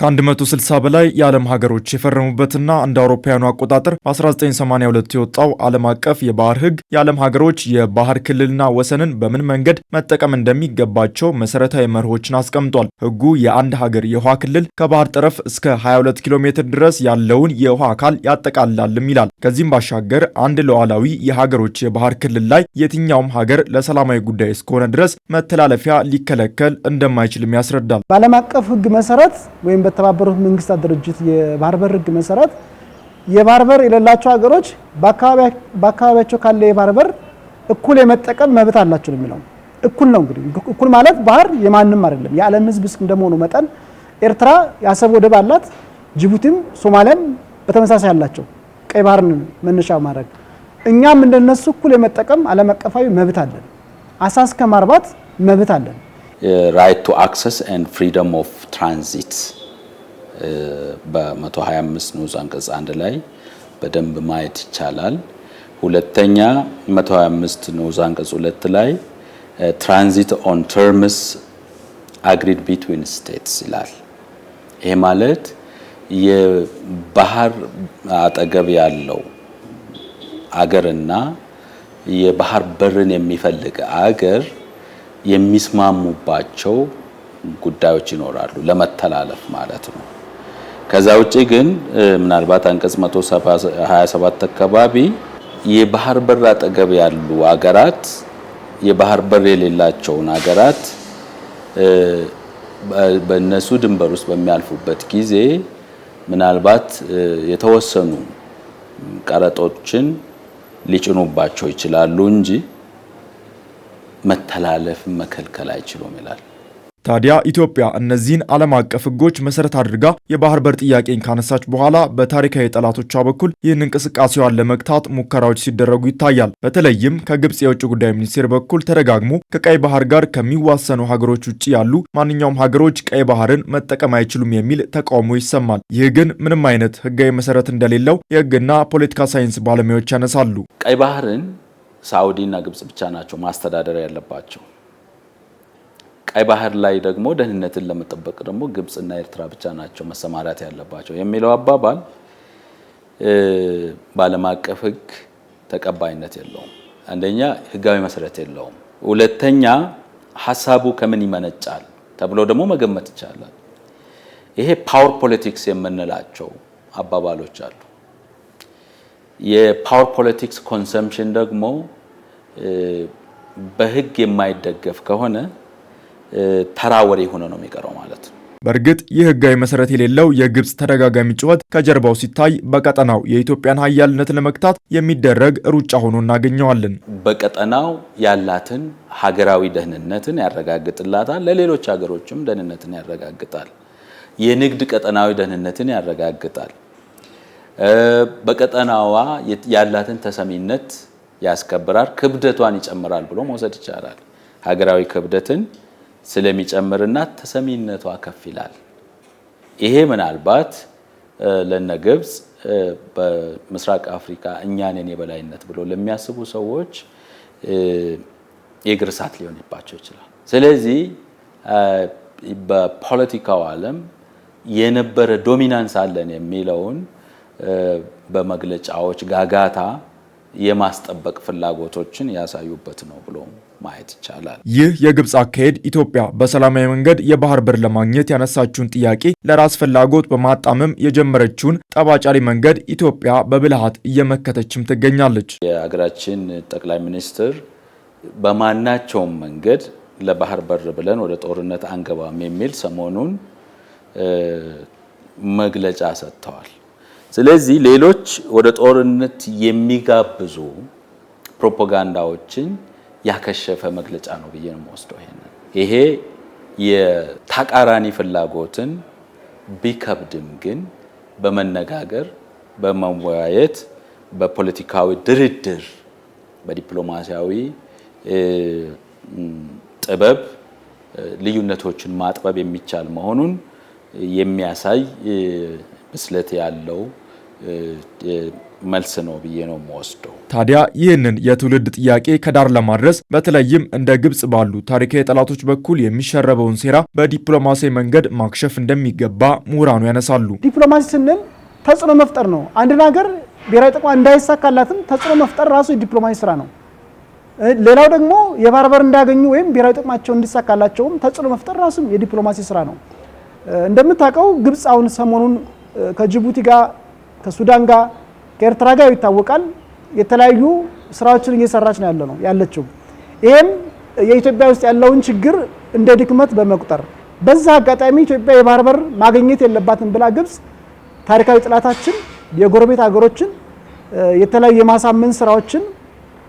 ከ160 በላይ የዓለም ሀገሮች የፈረሙበትና እንደ አውሮፓውያኑ አቆጣጠር በ1982 የወጣው ዓለም አቀፍ የባህር ሕግ የዓለም ሀገሮች የባህር ክልልና ወሰንን በምን መንገድ መጠቀም እንደሚገባቸው መሰረታዊ መርሆችን አስቀምጧል። ሕጉ የአንድ ሀገር የውሃ ክልል ከባህር ጠረፍ እስከ 22 ኪሎ ሜትር ድረስ ያለውን የውሃ አካል ያጠቃልላልም ይላል። ከዚህም ባሻገር አንድ ሉዓላዊ የሀገሮች የባህር ክልል ላይ የትኛውም ሀገር ለሰላማዊ ጉዳይ እስከሆነ ድረስ መተላለፊያ ሊከለከል እንደማይችልም ያስረዳል። በዓለም አቀፍ ሕግ መሠረት ወይም በተባበሩት መንግስታት ድርጅት የባህር በር ህግ መሰረት የባህር በር የሌላቸው ሀገሮች በአካባቢያቸው ካለ የባህር በር እኩል የመጠቀም መብት አላቸው የሚለው እኩል ነው። እንግዲህ እኩል ማለት ባህር የማንም አይደለም፣ የዓለም ህዝብ እንደመሆኑ መጠን ኤርትራ የአሰብ ወደብ አላት፣ ጅቡቲም ሶማሊያም በተመሳሳይ አላቸው። ቀይ ባህርን መነሻ ማድረግ እኛም እንደነሱ እኩል የመጠቀም ዓለም አቀፋዊ መብት አለን። አሳ እስከ ማርባት መብት አለን። ራይት ቱ አክሰስ ኤንድ ፍሪደም ኦፍ ትራንዚት በ125 ንዑስ አንቀጽ አንድ ላይ በደንብ ማየት ይቻላል። ሁለተኛ 125 ንዑስ አንቀጽ 2 ላይ ትራንዚት ኦን ተርምስ አግሪድ ቢትዊን ስቴትስ ይላል። ይሄ ማለት የባህር አጠገብ ያለው አገርና የባህር በርን የሚፈልግ አገር የሚስማሙባቸው ጉዳዮች ይኖራሉ፣ ለመተላለፍ ማለት ነው። ከዛ ውጪ ግን ምናልባት አንቀጽ 127 አካባቢ የባህር በር አጠገብ ያሉ አገራት የባህር በር የሌላቸውን አገራት በእነሱ ድንበር ውስጥ በሚያልፉበት ጊዜ ምናልባት የተወሰኑ ቀረጦችን ሊጭኑባቸው ይችላሉ እንጂ መተላለፍ መከልከል አይችሉም ይላል። ታዲያ ኢትዮጵያ እነዚህን ዓለም አቀፍ ሕጎች መሰረት አድርጋ የባህር በር ጥያቄን ካነሳች በኋላ በታሪካዊ ጠላቶቿ በኩል ይህን እንቅስቃሴዋን ለመግታት ሙከራዎች ሲደረጉ ይታያል። በተለይም ከግብፅ የውጭ ጉዳይ ሚኒስቴር በኩል ተደጋግሞ ከቀይ ባህር ጋር ከሚዋሰኑ ሀገሮች ውጭ ያሉ ማንኛውም ሀገሮች ቀይ ባህርን መጠቀም አይችሉም የሚል ተቃውሞ ይሰማል። ይህ ግን ምንም አይነት ህጋዊ መሰረት እንደሌለው የሕግና ፖለቲካ ሳይንስ ባለሙያዎች ያነሳሉ። ቀይ ባህርን ሳዑዲና ግብፅ ብቻ ናቸው ማስተዳደር ያለባቸው። ቀይ ባህር ላይ ደግሞ ደህንነትን ለመጠበቅ ደግሞ ግብጽና ኤርትራ ብቻ ናቸው መሰማራት ያለባቸው የሚለው አባባል በዓለም አቀፍ ሕግ ተቀባይነት የለውም። አንደኛ ሕጋዊ መሰረት የለውም። ሁለተኛ ሀሳቡ ከምን ይመነጫል ተብሎ ደግሞ መገመት ይቻላል። ይሄ ፓወር ፖለቲክስ የምንላቸው አባባሎች አሉ። የፓወር ፖለቲክስ ኮንሰምፕሽን ደግሞ በሕግ የማይደገፍ ከሆነ ተራ ወሬ የሆነ ነው የሚቀረው ማለት ነው። በእርግጥ ይህ ህጋዊ መሰረት የሌለው የግብፅ ተደጋጋሚ ጩኸት ከጀርባው ሲታይ በቀጠናው የኢትዮጵያን ሀያልነት ለመግታት የሚደረግ ሩጫ ሆኖ እናገኘዋለን። በቀጠናው ያላትን ሀገራዊ ደህንነትን ያረጋግጥላታል፣ ለሌሎች ሀገሮችም ደህንነትን ያረጋግጣል። የንግድ ቀጠናዊ ደህንነትን ያረጋግጣል። በቀጠናዋ ያላትን ተሰሚነት ያስከብራል፣ ክብደቷን ይጨምራል ብሎ መውሰድ ይቻላል ሀገራዊ ክብደትን ስለሚጨምርና ተሰሚነቷ ከፍ ይላል። ይሄ ምናልባት ለነ ግብፅ በምስራቅ አፍሪካ እኛንን የበላይነት ብሎ ለሚያስቡ ሰዎች የእግር እሳት ሊሆንባቸው ይችላል። ስለዚህ በፖለቲካው ዓለም የነበረ ዶሚናንስ አለን የሚለውን በመግለጫዎች ጋጋታ የማስጠበቅ ፍላጎቶችን ያሳዩበት ነው ብሎ ማየት ይቻላል። ይህ የግብፅ አካሄድ ኢትዮጵያ በሰላማዊ መንገድ የባህር በር ለማግኘት ያነሳችውን ጥያቄ ለራስ ፍላጎት በማጣመም የጀመረችውን ጠባጫሪ መንገድ ኢትዮጵያ በብልሃት እየመከተችም ትገኛለች። የሀገራችን ጠቅላይ ሚኒስትር በማናቸውም መንገድ ለባህር በር ብለን ወደ ጦርነት አንገባም የሚል ሰሞኑን መግለጫ ሰጥተዋል። ስለዚህ ሌሎች ወደ ጦርነት የሚጋብዙ ፕሮፓጋንዳዎችን ያከሸፈ መግለጫ ነው ብዬ ነው የምወስደው። ይሄ ይሄ የተቃራኒ ፍላጎትን ቢከብድም ግን በመነጋገር በመወያየት በፖለቲካዊ ድርድር በዲፕሎማሲያዊ ጥበብ ልዩነቶችን ማጥበብ የሚቻል መሆኑን የሚያሳይ ብስለት ያለው መልስ ነው ብዬ ነው የምወስደው። ታዲያ ይህንን የትውልድ ጥያቄ ከዳር ለማድረስ በተለይም እንደ ግብጽ ባሉ ታሪካዊ ጠላቶች በኩል የሚሸረበውን ሴራ በዲፕሎማሲያዊ መንገድ ማክሸፍ እንደሚገባ ምሁራኑ ያነሳሉ። ዲፕሎማሲ ስንል ተጽዕኖ መፍጠር ነው። አንድን ሀገር ብሔራዊ ጥቅሟ እንዳይሳካላትም ተጽዕኖ መፍጠር ራሱ የዲፕሎማሲ ስራ ነው። ሌላው ደግሞ የባርበር እንዳያገኙ ወይም ብሔራዊ ጥቅማቸው እንዲሳካላቸውም ተጽዕኖ መፍጠር ራሱም የዲፕሎማሲ ስራ ነው። እንደምታውቀው ግብጽ አሁን ሰሞኑን ከጅቡቲ ጋር ከሱዳን ጋር ከኤርትራ ጋር ይታወቃል። የተለያዩ ስራዎችን እየሰራች ነው ያለ ነው ያለችው። ይህም የኢትዮጵያ ውስጥ ያለውን ችግር እንደ ድክመት በመቁጠር በዛ አጋጣሚ ኢትዮጵያ የባህር በር ማግኘት የለባትም ብላ ግብጽ ታሪካዊ ጥላታችን የጎረቤት ሀገሮችን የተለያዩ የማሳመን ስራዎችን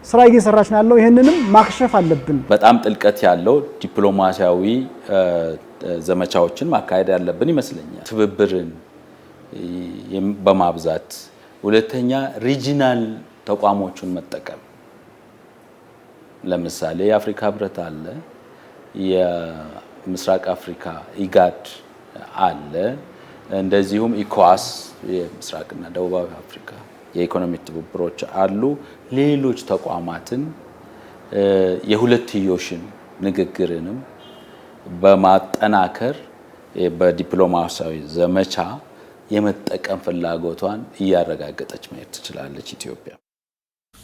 ስራ እየሰራች ነው ያለው። ይህንንም ማክሸፍ አለብን። በጣም ጥልቀት ያለው ዲፕሎማሲያዊ ዘመቻዎችን ማካሄድ ያለብን ይመስለኛል። ትብብርን በማብዛት ሁለተኛ ሪጂናል ተቋሞቹን መጠቀም ለምሳሌ የአፍሪካ ህብረት አለ፣ የምስራቅ አፍሪካ ኢጋድ አለ፣ እንደዚሁም ኢኮዋስ የምስራቅና ደቡባዊ አፍሪካ የኢኮኖሚ ትብብሮች አሉ። ሌሎች ተቋማትን የሁለትዮሽን ንግግርንም በማጠናከር በዲፕሎማሲያዊ ዘመቻ የመጠቀም ፍላጎቷን እያረጋገጠች መሄድ ትችላለች ኢትዮጵያ።